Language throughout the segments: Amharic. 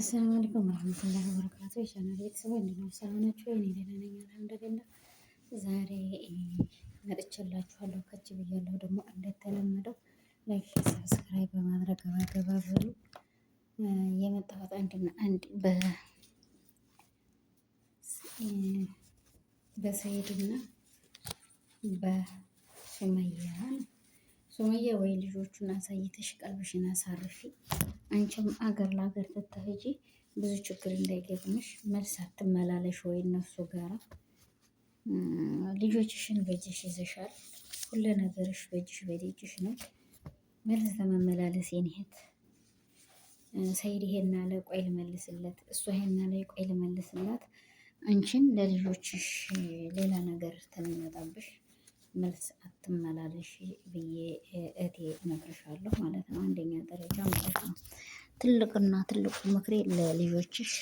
አሰላሙ አለይኩም ወራህመቱላሂ ወበረካቱ። የቻናል ቤተሰቦች እንደምን ሰላናችሁ? እኔ ደህና ነኝ አልሐምዱሊላህ። ዛሬ መጥቼላችኋለሁ ከች ብያለሁ። ደግሞ እንደተለመደው ላይክ፣ ሰብስክራይብ በማድረግ ገባ ገባ በሉ። የመጣሁት አንድና አንድ በሰይድና በሱመያ ሱመያ ወይ ልጆቹን አሳይተሽ ቀልብሽን አሳርፊ አንቺም አገር ለአገር ትታሄጂ ብዙ ችግር እንዳይገጥምሽ መልስ አትመላለሽ ወይ እነሱ ጋራ። ልጆችሽን በእጅሽ ይዘሻል። ሁለ ነገርሽ በእጅሽ በደጅሽ ነው። መልስ ለመመላለስ የኒሄት ሰይድ ይሄን አለ ቆይ ልመልስለት፣ እሷ ይሄን ላይ ቆይ ልመልስላት። አንቺን ለልጆችሽ ሌላ ነገር ተመጣብሽ መልስ አትመላለሽ ብዬ እቴ እነግርሻለሁ ማለት ነው። አንደኛ ደረጃ ማለት ነው። ትልቅና ትልቁ ምክሬ ለልጆችሽ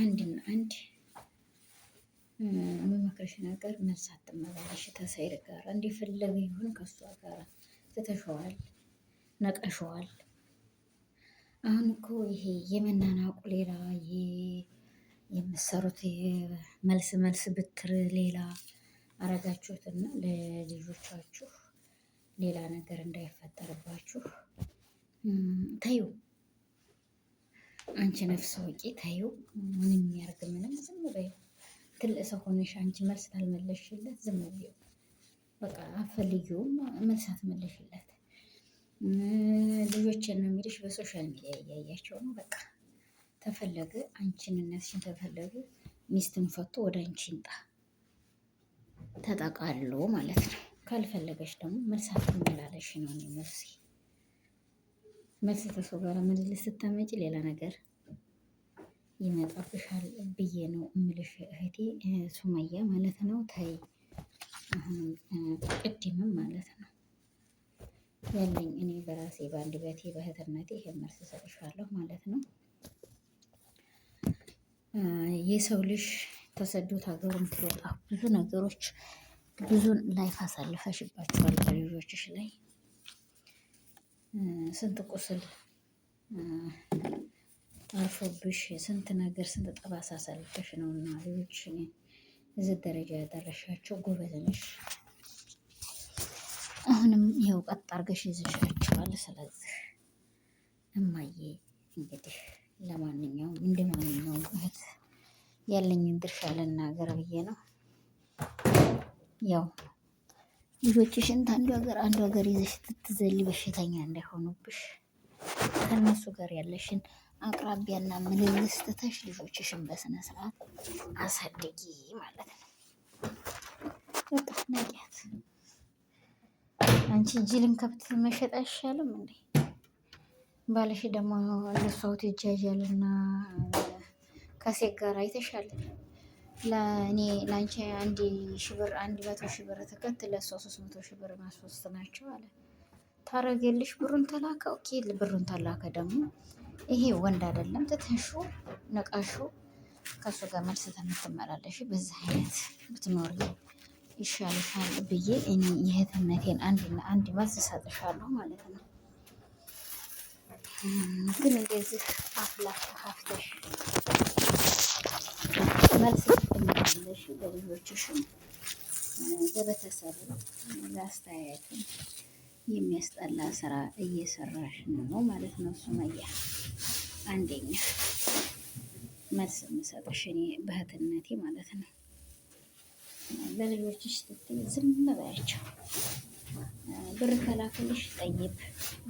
አንድና አንድ የምመክርሽ ነገር መልስ አትመላለሽ። ተሰይድ ጋር እንዲፈለገ ይሁን ከእሷ ጋር ትተሸዋል፣ ነቀሸዋል። አሁን እኮ ይሄ የመናናቁ ሌላ፣ የምሰሩት መልስ መልስ ብትር ሌላ አረጋችሁትና ለልጆቻችሁ ሌላ ነገር እንዳይፈጠርባችሁ ተዩ አንቺ ነፍስ ወቂ ተዩ። ምንም ያርግ ምንም ዝም በዩ። ትልቅ ሰው ሆነሽ አንቺ መልስ ታልመለሽለት ዝም በዩ። በቃ አፈልጊውም መልስ አትመለሽለት። ልጆችን ነው የሚልሽ በሶሻል ሚዲያ እያያቸው ነው። በቃ ተፈለገ አንቺንነትሽን ተፈለገ ሚስትን ፈቶ ወደ አንቺ ይምጣ ተጠቃሎ ማለት ነው። ካልፈለገች ደግሞ መልስ አትመላለሽ ነው መልሴ። መልስ ከሰው ጋር ምልልስ ስታመጪ ሌላ ነገር ይመጣብሻል ብዬ ነው እምልሽ እህቴ ሱመያ ማለት ነው። ታይ ቅድምም ማለት ነው ያለኝ እኔ በራሴ በአንድ በቴ በእህትነቴ ይሄ መልስ ሰጥሻለሁ ማለት ነው። የሰው ልጅ ተሰዶት ሀገሩ ምትወጣ ብዙ ነገሮች ብዙን ላይፍ አሳልፈሽባቸዋል በልጆችሽ ላይ ስንት ቁስል አርፎብሽ ስንት ነገር ስንት ጠባሳ አሳልፈሽ ነው እና ልጆች እዚህ ደረጃ ያደረሻቸው ጎበዝ ነሽ። አሁንም ያው ቀጥ አርገሽ ይዘሻቸዋል ስለዚህ እማዬ እንግዲህ ለማንኛውም እንደ ማንኛውም እህት ያለኝን ድርሻ ልናገር ብዬ ነው ያው ልጆችሽን አንዱ ሀገር አንዱ ሀገር ይዘሽ ትትዘሊ በሽተኛ እንዳይሆኑብሽ ከነሱ ጋር ያለሽን አቅራቢያና ምልልስ ትተሽ ልጆችሽን በስነ ስርዓት አሳድጊ ማለት ነው። በቃ ነቂያት። አንቺ ጅልን ከብት መሸጥ አይሻልም እንዴ? ባለሽ ደግሞ እንደሷ ይጃጃልና ከሴት ጋር አይተሻል። ለእኔ ለአንቺ አንድ ሺህ ብር አንድ መቶ ሺህ ብር ትከት ለእሷ ሶስት መቶ ሺህ ብር ማስወስድ ናቸው አለ። ታረገልሽ ብሩን ተላከ። ኦኬ ብሩን ተላከ። ደግሞ ይሄ ወንድ አይደለም ትተሹ ነቃሹ ከእሱ ጋር መልስ ተምትመላለሽ በዛ አይነት ብትኖር ይሻልሻል ብዬ እኔ የእህትነቴን አንድና አንድ መልስ እሰጥሻለሁ ማለት ነው። ግን እንደዚህ አፍላፍ ተካፍተሽ መልስ ትመላለሽ ለልጆችሽም ለቤተሰብም ለአስተያየትም የሚያስጠላ ስራ እየሰራሽ ነው ማለት ነው። ሱመያ አንደኛ መልስ የምሰጥሽ እኔ በእህትነቴ ማለት ነው። ለልጆችሽ ስትይ ዝም በያቸው። ብር ከላክልሽ ጠይብ፣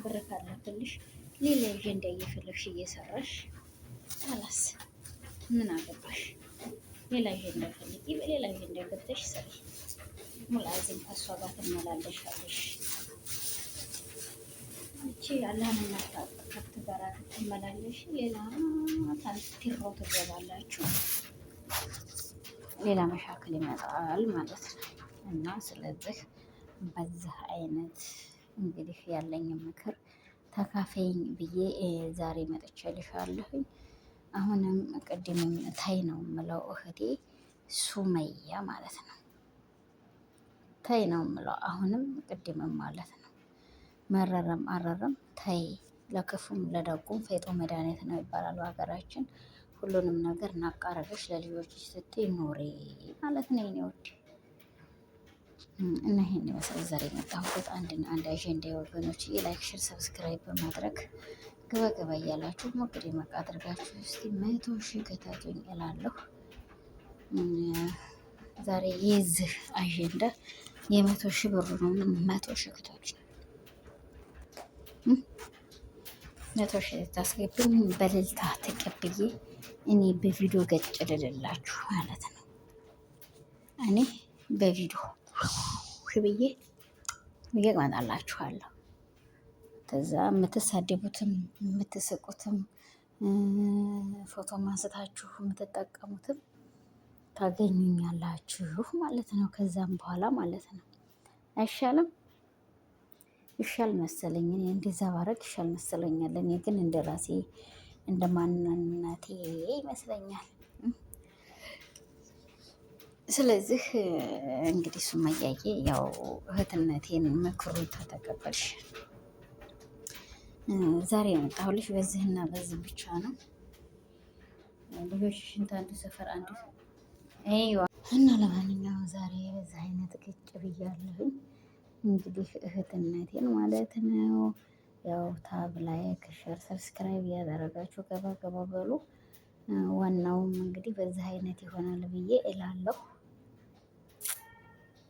ብር ካላክልሽ ሌላ አጀንዳ እየፈለግሽ እየሰራሽ አላስ ምን አገባሽ? ሌላ ይሄ እንዳይፈልጊ በሌላ ይሄ እንዳይገብተሽ ስሪ። ሙላዚም ከእሷ ጋር ትመላለሻለሽ። እቺ አላህን እናታቅ ከትበራ ትመላለሽ። ሌላ ታንቲሮ ትገባላችሁ። ሌላ መሻክል ይመጣል ማለት ነው። እና ስለዚህ በዚህ አይነት እንግዲህ ያለኝ ምክር ተካፈይኝ ብዬ ዛሬ መጥቼልሻለሁኝ። አሁንም ቅድምም ታይ ነው የምለው እህቴ ሱመያ ማለት ነው። ታይ ነው የምለው አሁንም ቅድምም ማለት ነው። መረረም አረረም ታይ፣ ለክፉም ለደጉም ፈይጦ መድኃኒት ነው ይባላል በሀገራችን። ሁሉንም ነገር እናቃረገች ለልጆች ስትይ ኖሬ ማለት ነው። ኔ ወድ እና ይህን ይመስላል ዛሬ የመጣሁበት አንድ አንድ አጀንዳ የወገኖች ላይክ፣ ሽር፣ ሰብስክራይብ በማድረግ ግባ ግባ እያላችሁ ሞቅድ መቅ አድርጋችሁ እስቲ መቶ ሺህ ከታቱኝ እላለሁ። ዛሬ የዚህ አጀንዳ የመቶ ሺህ ብሩ ነው። መቶ ሺህ ክታች መቶ ሺህ ታስገብኝ በልልታ ተቀብዬ እኔ በቪዲዮ ገጭ ልልላችሁ ማለት ነው። እኔ በቪዲዮ ሽብዬ ይገቅመጣላችኋለሁ። ከዛ የምትሳደቡትም የምትስቁትም ፎቶ ማንስታችሁ የምትጠቀሙትም ታገኙኛላችሁ ማለት ነው። ከዛም በኋላ ማለት ነው አይሻልም? ይሻል መሰለኝ እኔ እንደዛ ባረግ ይሻል መሰለኛል። እኔ ግን እንደ ራሴ እንደ ማንነቴ ይመስለኛል። ስለዚህ እንግዲህ ሱመያዬ ያው እህትነቴን ምክሩን ተተቀበልሽ። ዛሬ የመጣሁልሽ በዚህና በዚህ ብቻ ነው። ልጆችሽን አንዱ ሰፈር አንዱ እና ለማንኛውም ዛሬ በዚህ አይነት ግጭ ብያለሁኝ። እንግዲህ እህትነቴን ማለት ነው። ያው ታብ ላይክ፣ ሸር፣ ሰብስክራይብ እያደረጋችሁ ገባ ገባ በሉ። ዋናውም እንግዲህ በዚህ አይነት ይሆናል ብዬ እላለሁ።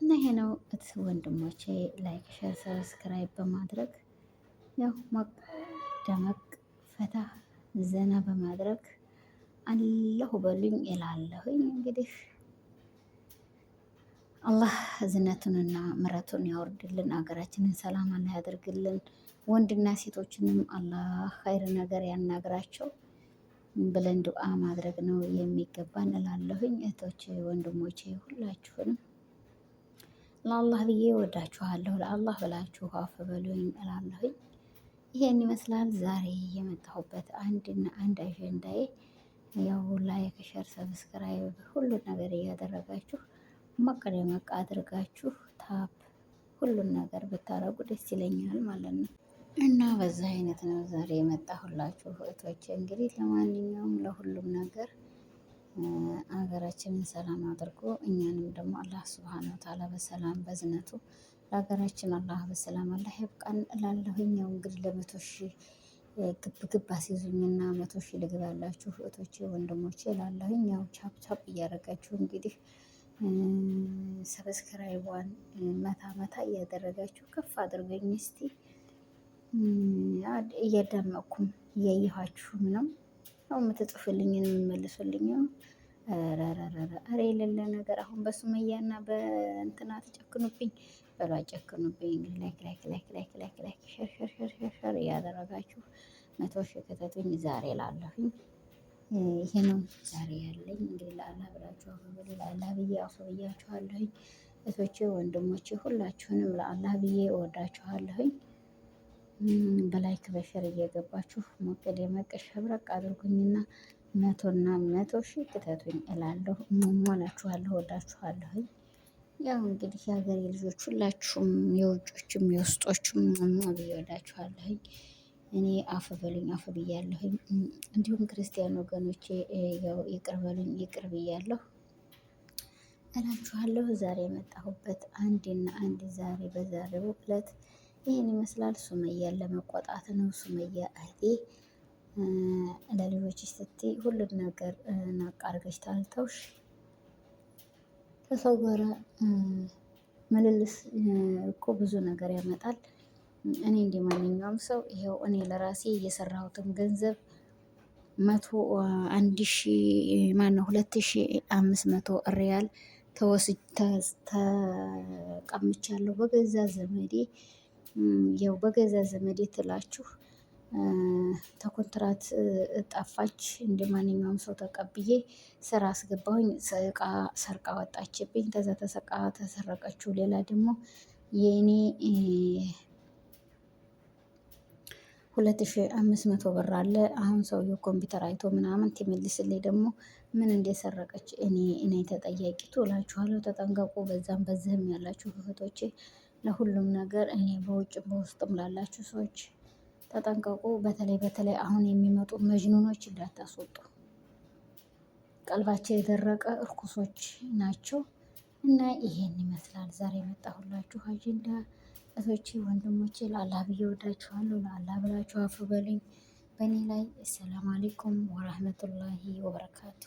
እና ይሄ ነው እህት ወንድሞቼ፣ ላይክ፣ ሸር፣ ሰብስክራይብ በማድረግ ያው ሞቅ ደመቅ ፈታ ዘና በማድረግ አለሁ በሉኝ እላለሁኝ። እንግዲህ አላህ እዝነቱንና ምረቱን ያወርድልን፣ አገራችንን ሰላም አላህ ያደርግልን። ወንድና ሴቶችንም አላህ ኸይር ነገር ያናግራቸው ብለን ዱዓ ማድረግ ነው የሚገባን እላለሁኝ። እህቶቼ ወንድሞቼ፣ ሁላችሁንም ለአላህ ብዬ ወዳችኋለሁ። ለአላህ ብላችሁ አፍ እላለሁኝ። ይሄን ይመስላል ዛሬ የመጣሁበት አንድና አንድ አጀንዳዬ። ያው ላይክ፣ ሸር፣ ሰብስክራይብ ሁሉን ነገር እያደረጋችሁ ሞቅ ደመቅ አድርጋችሁ ታፕ ሁሉን ነገር ብታረጉ ደስ ይለኛል ማለት ነው። እና በዛ አይነት ነው ዛሬ የመጣሁላችሁ እህቶች። እንግዲህ ለማንኛውም ለሁሉም ነገር አገራችንን ሰላም አድርጎ እኛንም ደግሞ አላህ ስብሃነ ወተዓላ በሰላም በዝነቱ ለሀገራችን አላህ በሰላም አላህ ያብቃን እላለሁኝ። ያው እንግዲህ ለመቶ ሺህ ግብ ግብ አስይዙኝና መቶ ሺህ ልግባላችሁ እህቶቼ ወንድሞቼ እላለሁኝ። ያው ቻፕ ቻፕ እያደረጋችሁ እንግዲህ ሰብስክራይቧን መታ መታ እያደረጋችሁ ከፍ አድርገኝ እስቲ። እያዳመቅኩም እያየኋችሁም ነው ያው የምትጽፉልኝን የምመልሱልኝ ኧረ የሌለ ነገር አሁን በሱመያ በሱመያና በእንትና ተጨክኑብኝ በሉ ጨክኑብኝ። ላይክ ላይክ ላይክ ላይክ ላይክ ላይክ ሸር ሸር ሸር ሸር ሸር እያደረጋችሁ መቶ ሺህ ከተቱኝ ዛሬ ላለሁኝ ይሄ ነው ዛሬ ያለኝ። እንግዲህ ለአላህ ብላችሁ አሁን ለአላህ ብዬ አፍብያችኋለሁኝ። እህቶቼ ወንድሞቼ ሁላችሁንም ለአላህ ብዬ እወዳችኋለሁኝ። በላይክ በሸር እየገባችሁ ሞቅ ደመቅ ሸብረቅ አድርጉኝና መቶና መቶ ሺህ ክተቱኝ እላለሁ። እሞላችኋለሁ፣ ወዳችኋለሁ። ያው እንግዲህ የሀገሬ ልጆች ሁላችሁም የውጮችም የውስጦችም ብዬ ወዳችኋለሁ። እኔ አፍ በሉኝ አፍ ብያለሁኝ። እንዲሁም ክርስቲያን ወገኖቼ ያው ይቅር በሉኝ ይቅር ብያለሁ እላችኋለሁ። ዛሬ የመጣሁበት አንድና አንድ ዛሬ በዛሬው ዕለት ይህን ይመስላል። ሱመያን ለመቆጣት ነው። ሱመያ አይቴ ለልጆችሽ ስትይ ሁሉም ነገር ናቃርገች ታልተውሽ ከሰው ጋር ምልልስ እኮ ብዙ ነገር ያመጣል። እኔ እንደ ማንኛውም ሰው ይኸው እኔ ለራሴ እየሰራሁትም ገንዘብ መቶ አንድ ሺ ማነው ሁለት ሺ አምስት መቶ ሪያል ተወስጅ ተቀምቻለሁ በገዛ ዘመዴ ያው በገዛ ዘመዴ ትላችሁ ተኮንትራት ጠፋች እንደ ማንኛውም ሰው ተቀብዬ ስራ አስገባሁኝ። እቃ ሰርቃ ወጣችብኝ። ከዛ ተሰቃ ተሰረቀችው። ሌላ ደግሞ የእኔ ሁለት ሺ አምስት መቶ ብር አለ። አሁን ሰውየው ኮምፒውተር አይቶ ምናምን ትመልስልኝ ደግሞ ምን እንደሰረቀች እኔ እኔ ተጠያቂ እላችኋለሁ። ተጠንቀቁ። በዛም በዚህም ያላችሁ እህቶቼ ለሁሉም ነገር እኔ በውጭ በውስጥም ላላችሁ ሰዎች ተጠንቀቁ። በተለይ በተለይ አሁን የሚመጡ መጅኑኖች እንዳታስወጡ። ቀልባቸው የደረቀ እርኩሶች ናቸው እና ይሄን ይመስላል ዛሬ የመጣሁላችሁ አጀንዳ። እህቶቼ ወንድሞቼ፣ ለአላህ ብዬ ወዳችኋለሁ። ለአላህ ብላችሁ አፍ በእኔ ላይ። ሰላም አሌይኩም ወረህመቱላሂ ወበረካቱ